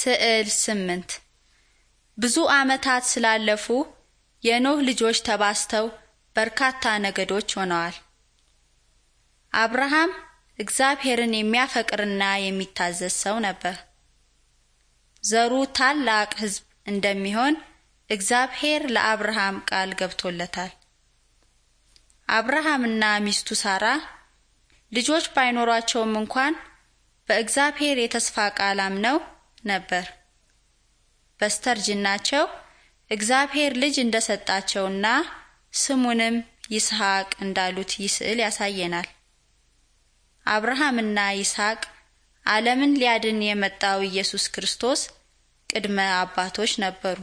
ስዕል ስምንት ብዙ ዓመታት ስላለፉ የኖህ ልጆች ተባስተው በርካታ ነገዶች ሆነዋል። አብርሃም እግዚአብሔርን የሚያፈቅርና የሚታዘዝ ሰው ነበር። ዘሩ ታላቅ ሕዝብ እንደሚሆን እግዚአብሔር ለአብርሃም ቃል ገብቶለታል። አብርሃምና ሚስቱ ሳራ ልጆች ባይኖሯቸውም እንኳን በእግዚአብሔር የተስፋ ቃል አምነው ነበር። በስተርጅናቸው እግዚአብሔር ልጅ እንደሰጣቸውና ስሙንም ይስሐቅ እንዳሉት ይህ ስዕል ያሳየናል። አብርሃምና ይስሐቅ ዓለምን ሊያድን የመጣው ኢየሱስ ክርስቶስ ቅድመ አባቶች ነበሩ።